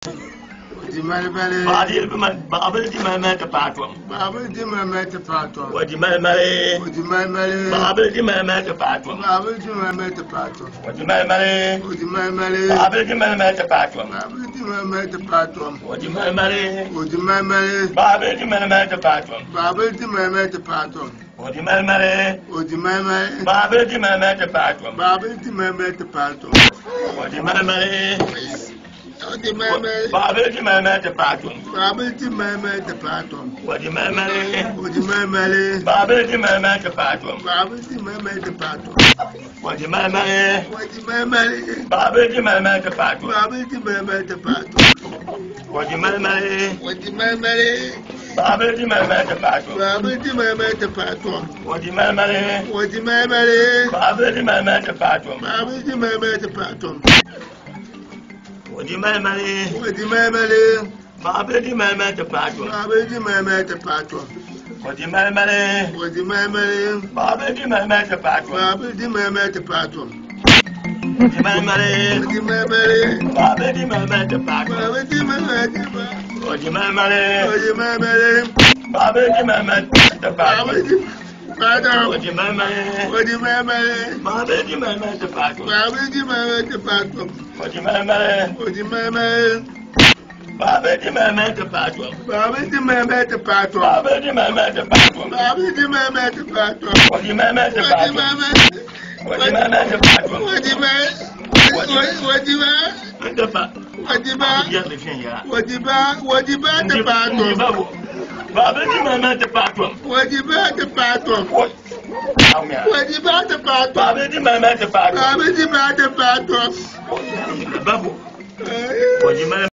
Wadi malmale. Baadil man baabil di malmale patwam. Baabil di malmale patwam. Wadi malmale. Wadi malmale. Baabil di malmale patwam. Baabil di malmale patwam. Wadi malmale. Wadi malmale. Baabil di malmale patwam. Baabil di malmale patwam. Wadi malmale. Wadi malmale. Baabil di malmale patwam. Baabil di malmale patwam. Wadi malmale. Wadi malmale. Baabil di malmale patwam. Ɔdi mɛmɛ. Baabi ti mɛmɛ ti paatɔn. Baabi ti mɛmɛ ti paatɔn. Ɔdi mɛmɛ le. Ɔdi mɛmɛ le. Baabi ti mɛmɛ ti paatɔn. Baabi ti mɛmɛ ti paatɔn. Ɔdi mɛmɛ le. Ɔdi mɛmɛ le. Baabi ti mɛmɛ ti paatɔn. Baabi ti mɛmɛ ti paatɔn. Ɔdi mɛmɛ le. Ɔdi mɛmɛ ti mɛmɛ ti paatɔn. Baabi ti mɛmɛ ti paatɔn. Ɔdi mɛmɛ le. Ɔdi mɛmɛ ti mɛmɛ ti paatɔn. Baabi ti mɛmɛ ti paatɔn. Wodi mɛmɛli. Wodi mɛmɛli. Maa bɛ di mɛmɛ ti paatɔ. Maa bɛ di mɛmɛ ti paatɔ. Wodi mɛmɛli. Wodi mɛmɛli. Maa bɛ di mɛmɛ ti paatɔ. Maa bɛ di mɛmɛ ti paatɔ. Wodi mɛmɛli. Wodi mɛmɛli. Maa bɛ di mɛmɛ ti paatɔ. Maa bɛ di mɛmɛ ti paatɔ. Wodi mɛmɛli. Wodi mɛmɛli. Maa bɛ di mɛmɛ ti paatɔ. Father, wo di mẹ́mẹ́. Wo di mẹ́mẹ́. Màá bẹ di mẹ́mẹ́ ti pàtó. Màá bẹ di mẹ́mẹ́ ti pàtó. Wo di mẹ́mẹ́. Wo di mẹ́mẹ́. Màá bẹ di mẹ́mẹ́ ti pàtó. Baba ji mama ta fatom. Waji ba ta fatom. Waji ba ta fatom. Baba ji mama ta fatom. Baba ji ba ta fatom. Babu. Waji mama